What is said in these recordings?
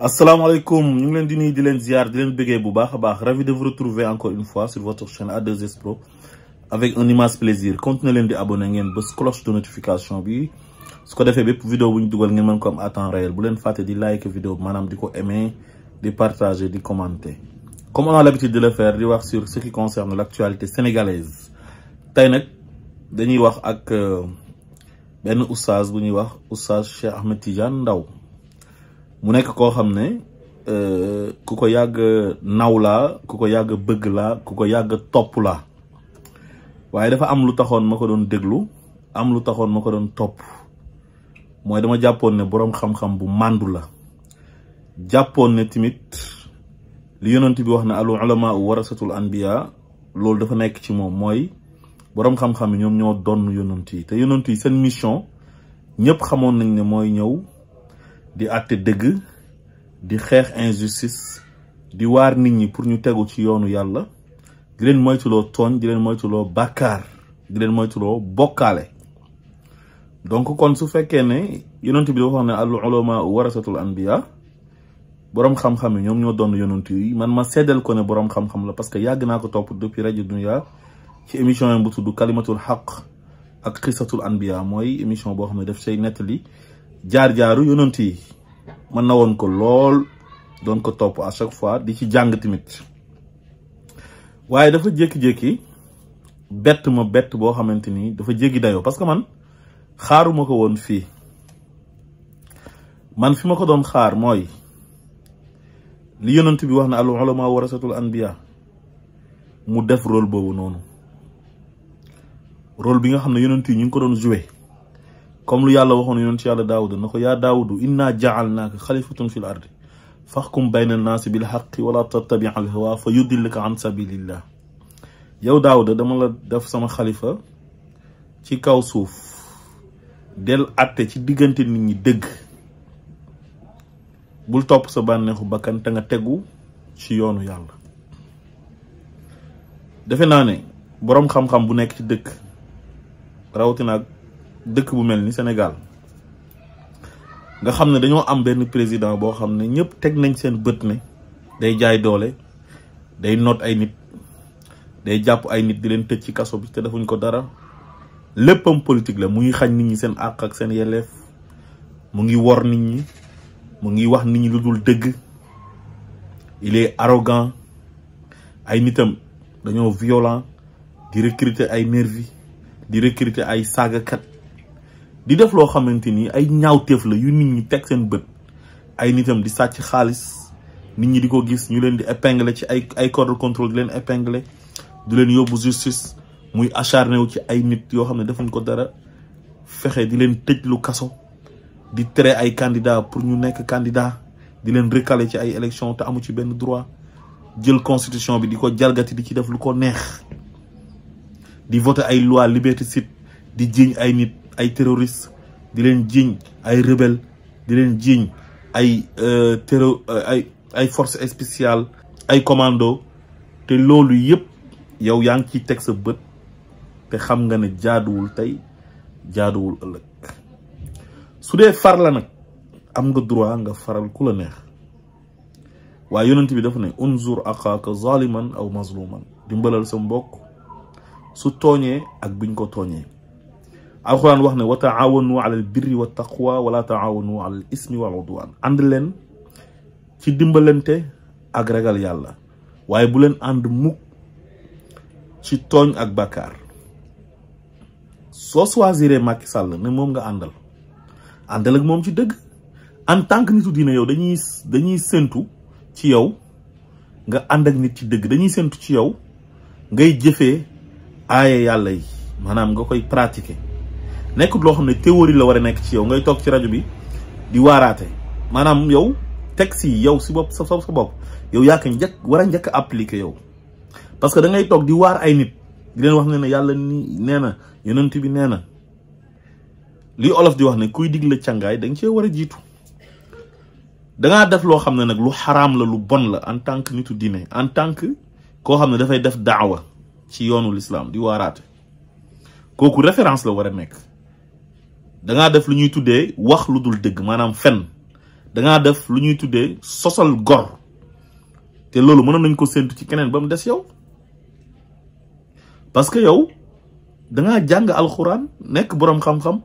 asalaamaaleykum ñu ngi leen di nuyu di leen ziar di leen bu baax baax ravi de vous retrouver encore une fois sur votre chaîne A2S Pro avec un immense plaisir continuez leen di abonné ngeen bës cloche de notification bi su ko defee bépp vidéo bu ñu dugal ngeen mën ko am à temps réel bu leen fàtte di like vidéo madame di ko aimer di partager di commenter comme on a l'habitude de le faire di wax sur ce qui concerne l'actualité sénégalaise tey nag dañuy wax ak euh, benn oustaz bu ñuy wax oustaz Cheikh Ahmed Tijan Ndao mu nekk koo xam ne euh, ku ko yàgg naw laa ku ko yàgg bëgg laa ku ko yàgg topp laa waaye dafa am lu taxoon ma ko doon déglu am lu taxoon ma ko doon topp mooy dama jàppoon ne boroom xam-xam bu màndu la jàppoon ne tamit li yonent bi wax ne al ulama warasatul anbiya loolu dafa nekk ci moom mooy boroom xam-xam yi ñoom ñoo doon yonent yi te yonent yi seen mission ñëpp xamoon nañ ne mooy ñëw di acte deug di xex injustice di war nit ñi pour ñu téggu ci yoonu yàlla di len moytu lo togn di len moytu lo bàkkaar di len moytu lo bokalé donc kon su fekkee ne yonent bi dafa wax ne al ulama warasatul anbiya borom xam-xam ñom ñoo don yonent yi man ma sédel ko ne borom xam-xam la parce que yag na ko top depuis radio dunya ci émission bu tuddu kalimatul haqq ak qissatul anbiya moy émission bo xamné daf say netali jaar jaaru yonent yi man na woon ko lool doon ko topp à chaque fois di ci jàng tamit waaye dafa jékki-jékki bet ma bet boo xamante ni dafa jéggi dayoo parce que man xaaruma ko woon man fi ma ko doon xaar mooy li yonent bi wax na al ulama warasatul anbiya mu def rôle boobu noonu rôle bi nga yonent yi ñu ko comme lu yàlla waxoon yonent yàlla daawuda na ko yaa daawudu inna jaalnaaka xalifatun fi l ardi faxkum bayna annaasi bil xaqi wala tattabi al hawa fa yudillaka an sabilillah yow daawuda dama la def sama xalifa ci kaw suuf del àtte ci diggante nit ñi dëgg bul topp sa bànneexu bakkan te nga tegu ci yoonu yàlla defe naa ne boroom xam-xam bu nekk ci dëkk rawatina ak dëkk bu mel ni Sénégal nga xam ne dañoo am benn président boo xam ne ñëpp teg nañ seen bët ne day jaay doole day noot ay nit day jàpp ay nit di leen tëj ci kaso bi te defuñ ko dara léppam politique la muy xañ nit ñi seen àq ak seen yelleef mu ngi wor nit ñi mu ngi wax nit ñi lu dul dëgg il est ay nitam dañoo violant di recrité ay nervi di recrité ay saagakat di def loo xamante ni ay ñaawteef la yu nit ñi teg seen bët ay nitam di sàcc xaalis nit ñi di ko gis ñu leen di épingler ci ay ay corps de contrôle di leen épingler di leen yóbbu justice muy acharné wu ci ay nit yoo xam ne defuñ ko dara fexe di leen tëj lu kaso di tere ay candidat pour ñu nekk candidat di leen recalé ci ay élection te amu ci benn droit jël constitution bi di ko jalgati di ci def lu ko neex di voté ay loi site di jiiñ ay nit ay terroriste di leen jiiñ ay rebelle di leen jiiñ ay euh, terro euh, ay ay force spéciale ay commando te loolu yëpp yow yaa ngi ciy teg sa bët te xam nga ne jaaduwul tey jaaduwul ëllëg su dee far la nag am nga droit nga faral ku la neex waaye yonent bi dafa ne unzur axaaka zaliman aw di dimbalal sa mbokk su tooñee ak buñ ko tooñee alxuraan wax ne wa taawanu alal birri wa taqwa wala taawanu alal ismi wal udwan ànd leen ci dimbalante ak ragal yàlla waaye bu leen ànd mukk ci tooñ ak bàkkaar soo choisiree Macky Sall ne moom nga àndal àndal ak moom ci dëgg en tant que nitu diine yow dañuy dañuy séntu ci yow nga ànd ak nit ci dëgg dañuy séntu ci yow ngay jëfee aaya yàlla yi maanaam nga koy pratiquer nekkut loo xam ne théorie la war a nekk ci yow ngay toog ci rajo bi di waaraate maanaam yow texte yi yow si bopp sa sa bopp yow yaa ko njëkk war a njëkk appliquer yow parce que da ngay toog di waar ay nit di leen wax ne ne yàlla ni nee na yonent bi nee na li olof di wax ne kuy digle càngaay da nga cee war a jiitu dangaa def loo xam ne nag lu xaraam la lu bon la en tant que nitu diine en tant que koo xam ne dafay def daawa ci yoonu lislaam di waaraate kooku référence la war a nekk da nga def lu ñuy tuddee wax lu dul dëgg maanaam fen da nga def lu ñuy sosal gor té lolu mënoon nañ ko sentu ci kenen bam dess yow parce que yow da nga jang alquran nek borom xam-xam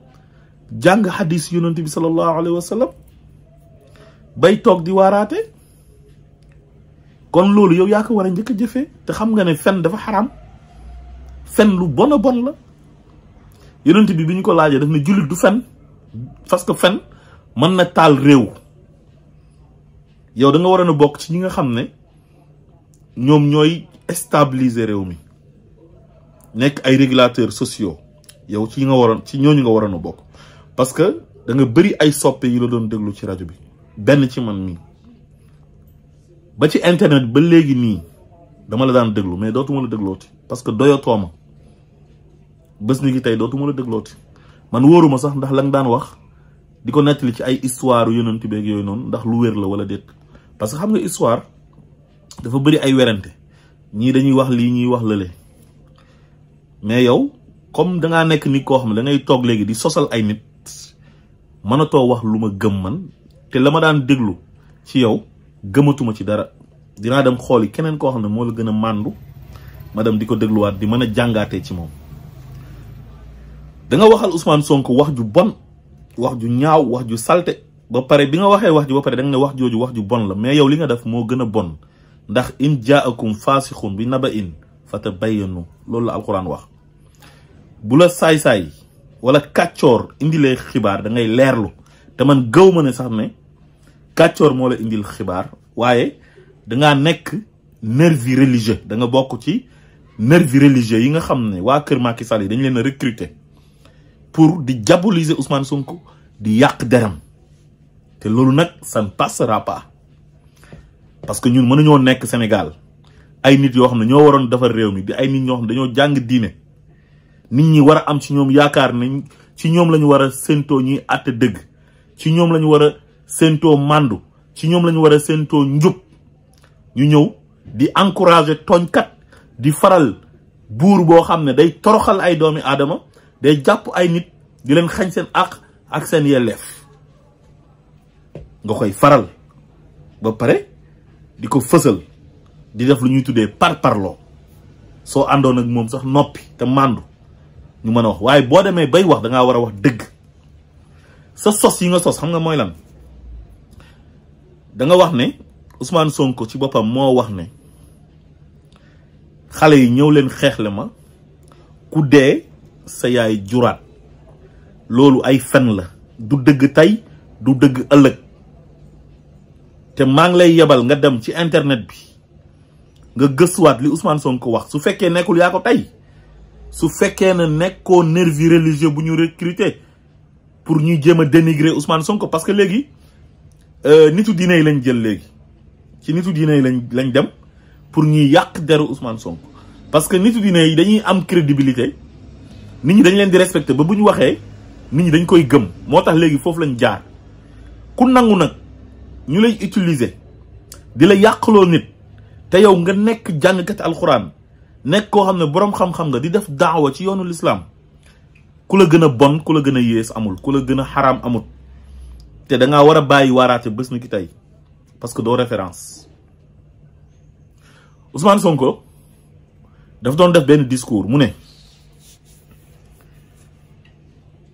jang hadis Yunus bi sallallahu alaihi wasallam bay tok di warate kon lolu yow ya ko wara ñëk jëfé té xam nga ne fen dafa haram, fen lu bono bon la yonent bi bi ñu ko laajee daf ne jullit du fen parce que fen mën na taal réew yow danga waroon a bokk ci ñi nga xam ne ñoom ñooy stabiliser réew mi nekk ay régulateurs sociaux yow ci nga waroon ci ñooñu nga waroon a bokk parce que da nga bëri ay soppe yi la doon déglu ci rajo bi benn ci man mii ba ci internet ba léegi nii dama la daan déglu mais dootuma la déglooti parce que doyatoo ma bës ni ki tey dootuma la déglooti man wóoruma sax ndax la nga daan wax di ko nettali ci ay histoire yonent beeg yooyu noonu ndax lu wér la wala déet parce que xam nga histoire dafa bëri ay werante ñii dañuy wax lii ñuy wax lële mais yow comme dangaa nekk nit koo xam ne dangay toog léegi di sosal ay nit mënatoo wax lu ma gëm man te la ma daan déglu ci yow gëmatuma ci dara dinaa dem xooli keneen koo xam ne moo la gën a màndu ma dem di ko dégluwaat di mën a jàngaatee ci moom da nga waxal Ousmane Sonko wax ju bon wax ju ñaaw wax ju salte ba paré bi nga waxé wax ju ba paré da nga ne wax joju wax ju bon la mais yow li nga def mo gëna bon ndax in jaakum fasikhun bi naba'in fatabayyanu loolu la alquran wax bu la say say wala indi lay xibar da ngay leerlu te man gëw ma ne sax ne katchor mo la indil waye waaye nga nek nervi religieux da nga bok ci nervi religieux yi nga xamne ne keur Macky Sall dañ leen recruter pour di diaboliser Ousmane Sonko di yak deram té lolu nak ça ne passera pas parce que ñun ñoo nek Sénégal ay nit yo xamna ñoo waron defar réew mi di ay nit ñoo xamna dañoo jang diiné nit ñi wara am ci ñoom yaakar ne ci ñoom lañu wara sento ñi séentoo deug ci ñoom lañu wara sento mandu ci ñoom lañu wara sento njub ñu ñew di encourager kat di faral burbo bo xamne day toroxal ay doomi day japp ay nit di len xagn sen ak ak sen yelef nga koy faral ba pare di ko di def lu ñuy tuddé par parlo so andon ak mom sax nopi te mandu ñu mëna wax waye bo démé bay wax da nga wara wax deug sa sos yi nga sos xam nga moy lan da nga wax ne Ousmane Sonko ci bopam mo wax ne xalé yi ñew leen xeexle ma ku dé sa yaay juraat loolu ay fen la du dëgg tey du dëgg ëllëg te maa ngi lay yebal nga dem ci internet bi nga gëstuwaat li Ousmane Sonko wax su fekkee nekkul yaa ko tey su fekkee ne nekkoo nervi religieux bu ñu recruter pour ñuy jéem a dénigrer Ousmane Sonko parce que léegi euh, nitu diine lañ jël léegi ci nitu diine yi lañ lañ dem pour ñuy yàq deru Ousmane Sonko parce que nitu diine yi dañuy am crédibilité. nit ñi dañ leen di respecté ba bu ñu waxee nit ñi dañ koy gëm moo tax léegi foofu lañ jaar ku nangu nag ñu lay utiliser di la yàqloo nit te yow nga nekk jàngkati alxuraan nekk koo xam ne boroom xam-xam nga di def daawa ci yoonu lislaam ku la gën a bon ku la gën a yées amul ku la gën a xaraam amul te da ngaa war a bàyyi waaraate bés ni ki tey parce que doo référence Ousmane Sonko daf doon def benn discours mu ne.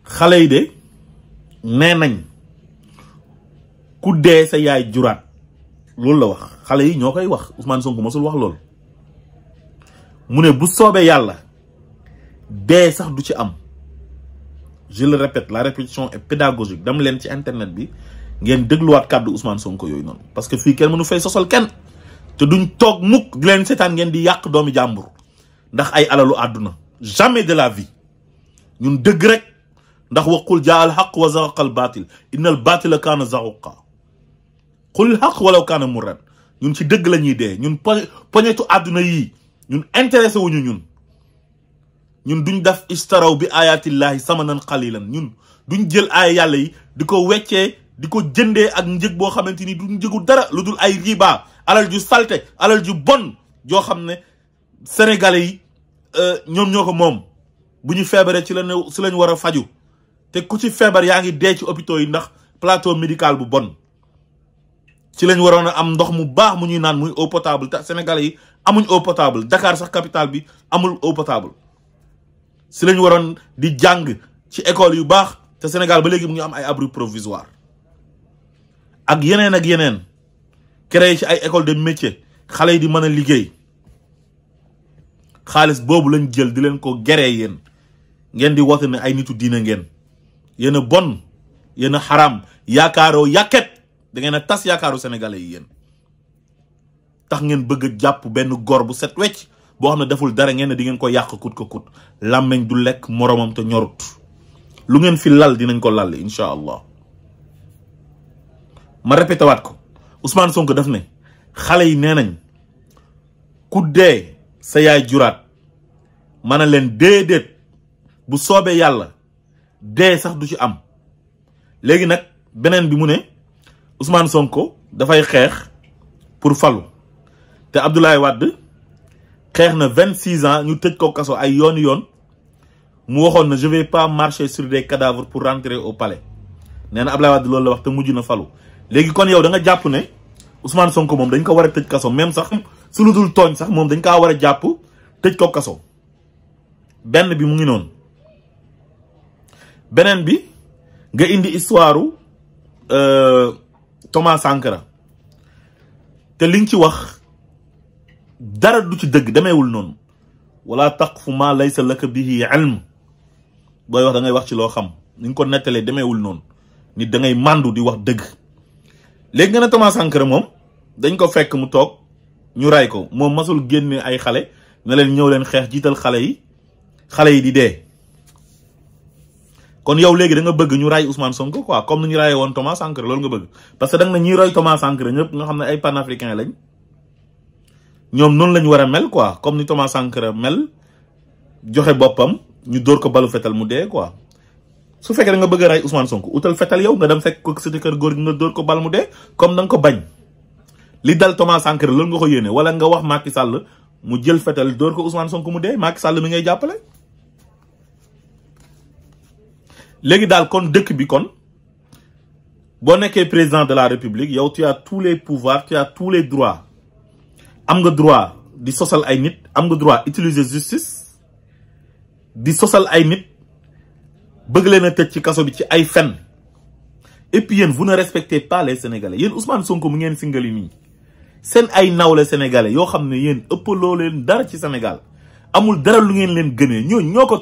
xale yi de nee nañ ku dee sa yaay jurat lool la wax xale yi ñoo wax Ousmane Sonko mosul wax lool mune bu soobee yalla dee sax du ci am je le répète la répétition est pédagogique dam leen ci internet bi ngeen wat cadre Ousmane Sonko yoy non parce que fi kenn mënu fay sosal kenn te duñ tok mukk di leen seetaan ngeen di yak doomi jàmbur ndax ay alalu aduna jamais de la vie ñun dëgg rek. ndax wa qul jaa alxaq wa zahaqa albatil inna albatila kaana zahuqa qul alxaq walaw kaana murran ñun ci dëgg la ñuy dee ñun poñetu àdduna yii ñun intéressé wuñu ñun ñun duñ def istaraw bi ayatillahi samanan qalilan ñun duñ jël ay yàlla yi di ko weccee di ko jëndee ak njëg boo xamante ni duñ njëgu dara lu dul ay riba alal ju salte alal ju bon joo xam ne sénégalais yi ñoom ñoo ko moom bu ñu feebaree ci la ne si lañ war a faju té ku ci fièvre yaangi dé ci hôpitaux yi ndax plateau médical bu bon ci lañ warona am ndox mu baax mu ñuy naan muy eau potable ta sénégalais yi amuñ eau potable dakar sax capital bi amul eau potable ci lañ waron di jang ci école yu baax té sénégal ba légui mu ngi am ay abri provisoire ak yenen ak yenen créé ci ay école de métier xalé yi di mëna liggéey xaliss bobu lañ jël di leen ko géré yeen ngeen di ay nitu diina ngeen yene bon yene haram yakaro yaket da ngay tas yakaro sénégalais yi yene tax ngeen bëgg japp ben gor bu set wetch bo xam deful dara ngeen di ngeen ko yak kut ko kut lamagn du lek moromam te ñorut lu ngeen fi lal dinañ ko lal inshallah allah ma répété wat ko Ousmane Sonko daf ne xalé yi nenañ ku dé sa yaay jurat dedet bu sobe yalla dee sax du ci am léegi nak benen bi mu ne Ousmane Sonko fay xex pour falu te Abdoulaye Wade xex na 26 ans ñu tejj ko kasso ay yoon yoon mu waxon na je vais pas marcher sur des cadavres pour rentrer au palais nee na Abdoulaye Wade loolu la wax te mujj na falu léegi kon yow da nga japp ne Ousmane Sonko mom dañ ko wara tejj kasso même sax su lu dul sax mom dañ ka wara japp tejj ko kasso benn bi mu ngi noonu benen bi nga indi histoire euh, Thomas Sankara te liñ ci wax dara du ci deug demewul non wala taqfu ma laysa laka bihi ilm boy wax da ngay wax ci lo xam ni ko netale demewul non nit da ngay mandu di wax deug leg nga na Thomas Sankara mom. dañ ko fekk mu tok ñu ray ko mom masul génne ay xalé na len ñew len xex jital xalé yi xalé yi di dee kon yow léegi danga bëgg ñu ray Ousmane Sonko quoi comme ni ñu rayee woon Thomas Sankara loolu nga bëgg parce que da nga roy Thomas Sankara nga xam ne ay panafricain lañ ñoom noonu la ñu war a mel quoi comme ni Thomas Sankara mel joxe boppam ñu dóor ko balu fetal mu dee quoi su fekkee da nga bëgg a ray Ousmane utal fetal yow nga dem fekk ko sa kër góor gi nga dóor ko bal mu dee comme da nga ko bañ li dal Thomas Sankara loolu nga ko yéene wala nga wax Macky Sall mu jël fetal dóor ko Ousmane mu dee Macky Sall mi ngay jàppale léegi dal kon dëkk président de la république yow tu tous les pouvoirs tu as tous les droits am nga droit di la ay nit am droit utiliser justice di ay nit bëgg leen a ci bi et puis vous ne respectez pas les sénégalais Ousmane Sonko mu singali Sen ay les sénégalais Yo ne leen ci Sénégal amul dara lu Sénégalais. leen ñoo ko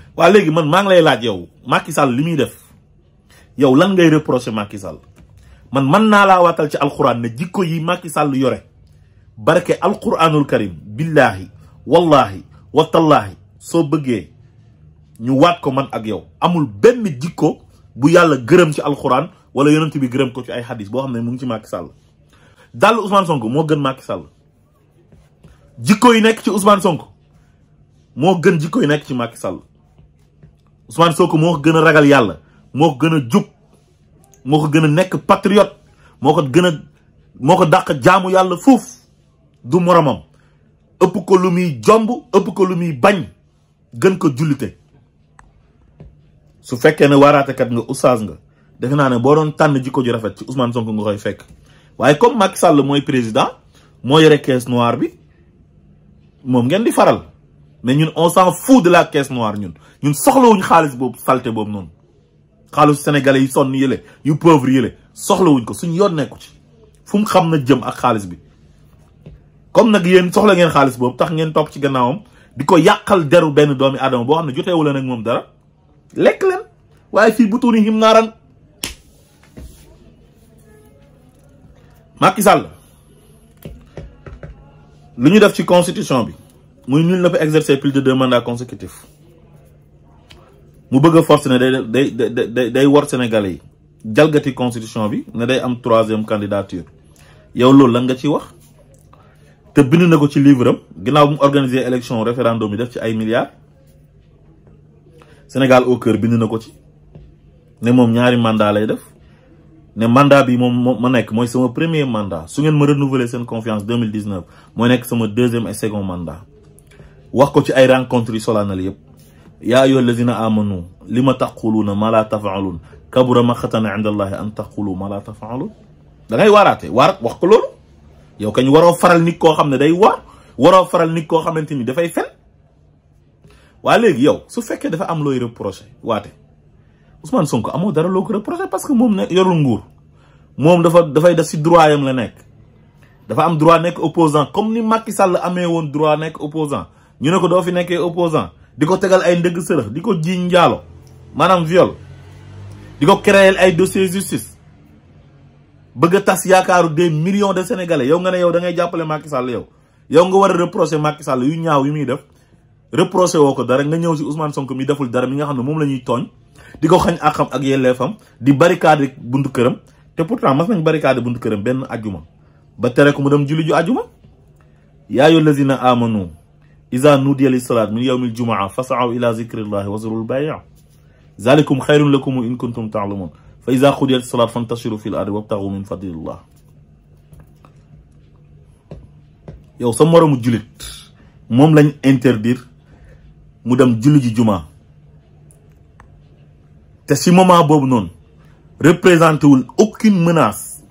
waa léegi man maa ngi lay laaj yow Macky Sall li muy def yow lan ngay reprocher Macky Sall man man naa laa waatal ci alxuraan ne jikko yi màkki Sall yore barke alxuraanul karim billaahi wallaahi watallaahi soo bëggee ñu waat ko man ak yow amul benn jikko bu yàlla gërëm ci alxuraan wala yonent bi gërëm ko ci ay xadis boo xam ne mu ngi ci màkki Sall dàll Ousmane Sonko moo gën Macky Sall jikko yi nekk ci Ousmane sonk moo gën jikko yi nekk ci màkki Sall Ousmane Sonko moo ko gën a ragal yàlla moo ko gën a jub moo ko gën a nekk patriote moo ko gën a moo ko dàq jaamu yàlla fuuf du moroomam ëpp ko lu muy jomb ëpp ko lu muy bañ gën ko jullite su fekkee ne waaraatekat nga ussage nga defe naa ne boo doon tànn jikko ju rafet ci Ousmane Sonko nga koy fekk waaye comme Macky Sall mooy président moo yore caisse noire bi moom ngeen di faral mais ñun on s'en fout de la caisse noire ñun ñun soxlawuñ xaalis boobu salte boobu noonu xaalisu sénégalais yi sonn yële yu pauvre yële soxlawuñ ko suñ yoon nekku ci fu xam na jëm ak xaalis bi comme nag yéen soxla ngeen xaalis boobu tax ngeen topp ci gannaawam di ko yàqal deru benn doomi aadama boo xam ne joteewu leen ak moom dara lekk leen waaye fii butuuni him naaran Macky Sall lu ñu def ci constitution bi muy nul ne peut exercer plus de deux mandats consécutifs mu bëgg a forcer ne day day day day war Sénégalais yi constitution bi ne day am troisième candidature yow lool la nga ci wax té bind na ko ci livre ginaaw bu mu organiser élection référendum bi def ci ay milliards Sénégal au cœur bind na ko ci né mom ñaari mandat lay def né mandat bi mom ma nek moy sama premier mandat su ngeen ma renouveler seen confiance 2019 mooy nekk sama deuxième et second mandat wax ko ci ay rencontre yi solaanal yëpp yaa ayyuha alladina amanu li ma taquluuna ma laa tafaaluun kabura maxatan inda allahi an taqulu ma laa tafaaluun da ngay waaraate waar wax ko loolu yow kañ waroo faral nit koo xam ne day waar waroo faral nit koo xamante ni dafay fen waa léegi yow su fekkee dafa am looy reproché waate Ousmane Sonko amoo dara loo ko reproché parce que moom ne yorul nguur moom dafa dafay def si droit yam la nekk dafa am droit nekk opposant comme ni Macky Sall amee woon droit nekk opposant ñu ne ko do fi nekké opposant diko tégal ay ndëgg sëlëx diko ko jiñ njaalo maanaam viol diko créer ay dossier justice bëgg tass yaakaaru des millions de sénégalais yow nga né yow da ngay jappalé Macky Sall yow yow nga wara reprocher Macky Sall yu ñaaw yu mi def reprocher woko dara nga ñëw ci Ousmane Sonko mi deful dara mi nga mom lañuy togn diko xagn akam di barricade buntu kërëm té pourtant mas nañ barricade buntu kërëm ben ajuma ba téré ko mu dem julli ju ayyuhallazina amanu إذا نودي للصلاة من يوم الجمعة فسعوا إلى ذكر الله وزروا البيع ذلكم خير لكم إن كنتم تعلمون فإذا خذي الصلاة فانتشروا في الأرض وابتغوا من فضل الله يو سمرو مجلد موم لن انتردير مدام جلجي جمعة تسي موما بوب نون ريبريزانتول أوكين مناس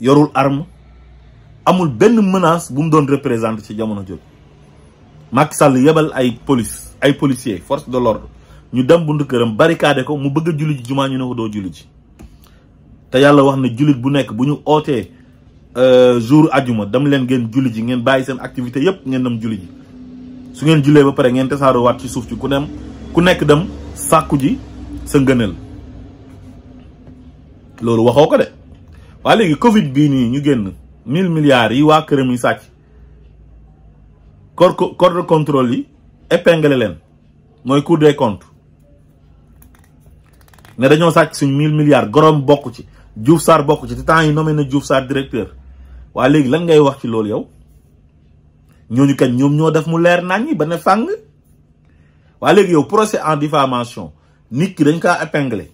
يورو الأرم amul benn menace bu mu doon représenté ci jamono jot Macky sàll yebal ay police ay policiers force de l'ordre ñu dem buntu këram barricade ko mu bëgg a julli jumaa ñu ne ko doo julli ji te yàlla wax na jullit bu nekk bu ñu ootee euh, jour ajuma dem leen ngeen julli ji ngeen bàyyi seen activité yëpp ngeen dem julli ji su ngeen jullee ba pare ngeen tasaaroo waat ci suuf ci ku dem ku nekk dem sàkku ji sa ngëneel loolu waxoo ko de waa léegi Covid bii nii ñu génn. mille milliards yi waa këram yi sàcc corps corps de contrôle yi épingle leen mooy cour des comptes ne dañoo sàcc suñ mille milliards gorom bokk ci juuf Sarr bokk ci te temps yi nommé na Diouf Sarr directeur waa léegi lan ngay wax ci loolu yow ñooñu kañ ñoom ñoo def mu leer naññi ba ne fàng waa léegi yow procès en diffamation nit ki dañ kaa épinglé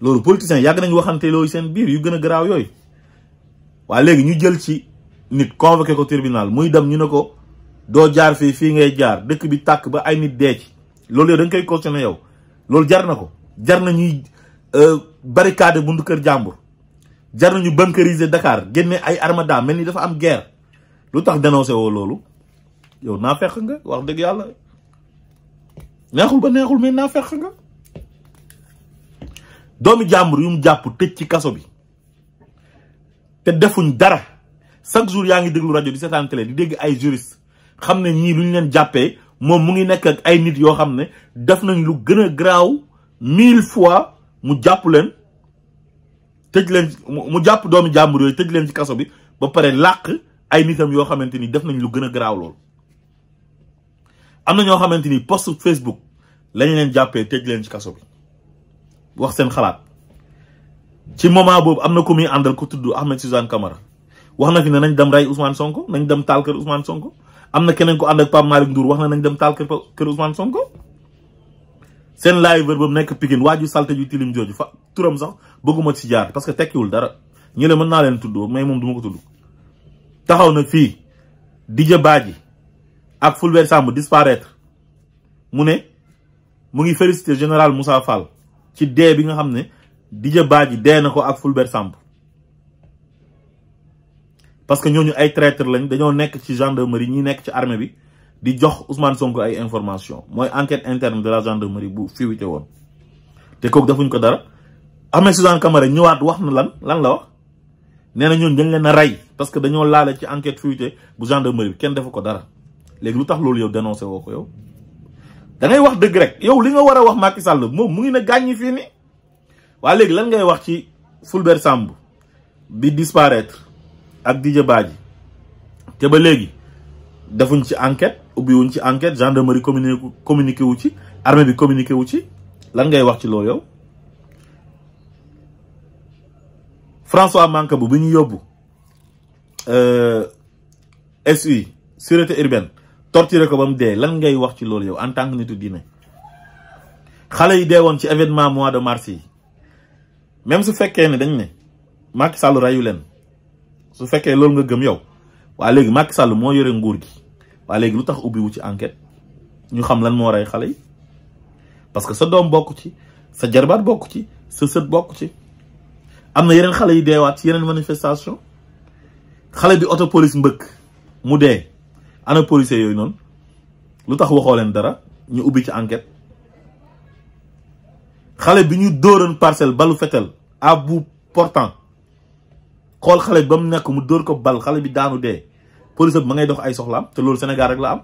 loolu politiciens yàgg nañu waxante loolu seen biir yu gën a garaaw yooyu waa léegi ñu jël ci nit convoqué ko tribunal muy dem ñu ne ko doo jaar fii fii ngay jaar dëkk bi tàkk ba ay nit dee ci loolu yow da nga koy cautionné yow loolu jar na ko jar na ñuy euh, barricade buntu kër jàmbur jar nañu bunkériser dakaar génne ay armada mel ni dafa am guerre lu tax dénoncé woo loolu yow naa fekk nga wax dëgg yàlla neexul ba neexul mais naa fekk nga doomi jàmbur yu mu jàpp tëj ci kaso bi te defuñ dara chaque jour yaa ngi déglu rajo di seetaan télé di dégg ay juriste xam ne ñii lu ñu leen jàppee moom mu ngi nekk ak ay nit yoo xam ne def nañ lu gën a garaaw mille fois mu jàpp leen tëj leen mu jàpp doomi jàmbur yooyu tëj leen ci kaso bi ba pare làq ay nitam yoo xamante ni def nañ lu gën a garaaw lool. am na ñoo xamante ni post Facebook lañ leen jàppee tëj leen ci kaso bi wax seen xalaat. ci moment boobu am na ko muy àndal ko tudd Ahmed Suzanne Camara wax na fi ne nañ dem rey Ousmane Sonko nañ dem taal kër Ousmane Sonko am na keneen ko ànd ak Pape Malick Ndour wax na nañ dem taal kër Ousmane Sonko. seen live ba mu nekk Pikine waaju salte ju tilim jooju fa turam sax bëgguma ci jaar parce que tekkiwul dara ñu ne mën naa leen tudd mais moom duma ko tudd taxaw na fii Didier Badji ak Fulbert Sambou disparaitre mu ne mu ngi féliciter général Moussa Fall ci dee bi nga xam ne. Didier Badji dee Fulbert Samp parce que nous ay traître lañ dañu nek ci gendarmerie ñi Nous ci armée bi di jox Ousmane Sonko ay information moy enquête interne de la gendarmerie bu fuité won té kooku defuñ ko dara amé ñëwaat wax na lan lan la wax na dañ parce que nous laalé ci enquête fuité bu gendarmerie defu ko dara lu tax yow dénoncé yow da ngay wax deug rek yow li nga wara wax Macky Sall mu ngi waa léegi lan ngay wax ci Fulbert Sambou bi disparaitre ak Didier yi te ba léegi defuñ ci enquête ubbiwuñ ci enquête gendarmerie communiqué communiqué wu ci armée bi communiqué wu ci lan ngay wax ci loolu yow François Mancabou bu ñu yóbbu euh, SU sûreté urbaine torturé ko ba mu dee lan ngay wax ci loolu yow en tant que nitu diine xale yi dee woon ci événement mois de mars yi même su fekkee ne dañ ne Macky Sall rayu leen su fekkee loolu nga gëm yow waa léegi Macky Sall moo yore nguur gi waa léegi lu tax ubbi wu ci enquête ñu xam lan moo rey xale yi parce que sa doom bokk ci sa jarbaat bokk ci sa sët bokk ci am na yeneen xale yi deewaat ci yeneen manifestation xale bi auto police mbëkk mu dee ana policier yooyu noonu lu tax waxoo leen dara ñu ubbi ci enquête xale bi ñu dóoroon parcel balu fetel à bout portant xol xale ba mu nekk mu dóor ko bal xale bi daanu dé police bi ma ngay dox ay soxlam te lool Sénégal rek la am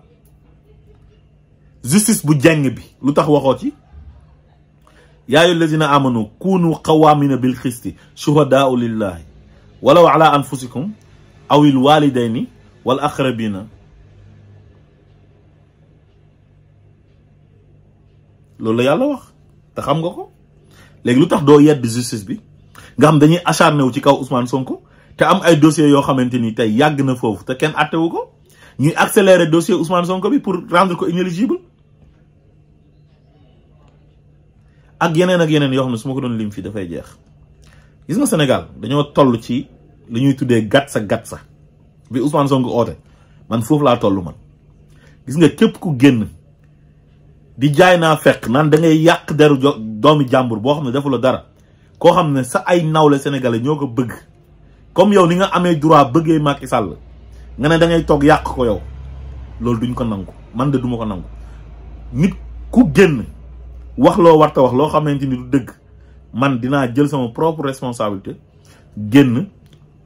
justice bu jàng bi lu tax waxoo ci yaayu lazina amanu kunu qawamin bil qist shuhada lillahi walaw ala anfusikum aw al walidayni wal aqrabin loolu la yàlla wax xam nga ko léegi lu tax doo yedd justice bi nga xam dañuy acharné wu ci kaw Ousmane Sonko te am ay dossiers yoo xamante ni tey yàgg na foofu te kenn attewu ko ñuy accélérer dossier Ousmane Sonko bi pour rendre ko inéligible ak yeneen ak yeneen yoo xam ne su ma ko doon lim fii dafay jeex gis nga Sénégal dañoo toll ci lu ñuy tuddee gat sa gat sa bi Ousmane Sonko oote man foofu laa toll man gis nga képp ku génn. di jaay na fekk nan da ngay yak deru doomi jambour bo xamne defu la dara ko xamne sa ay nawle sénégalais ñoko bëgg comme yow ni nga amé droit bëggé Macky Sall nga ne da ngay tok yak ko yow lool duñ ko nangu man de duma ko nangu nit ku genn wax loo warta wax lo xamante du dëgg man dina jël sama propre responsabilité genn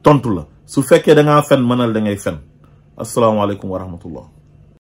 tontu la su fekke da nga fen manal da ngay fen alaykum wa rahmatullah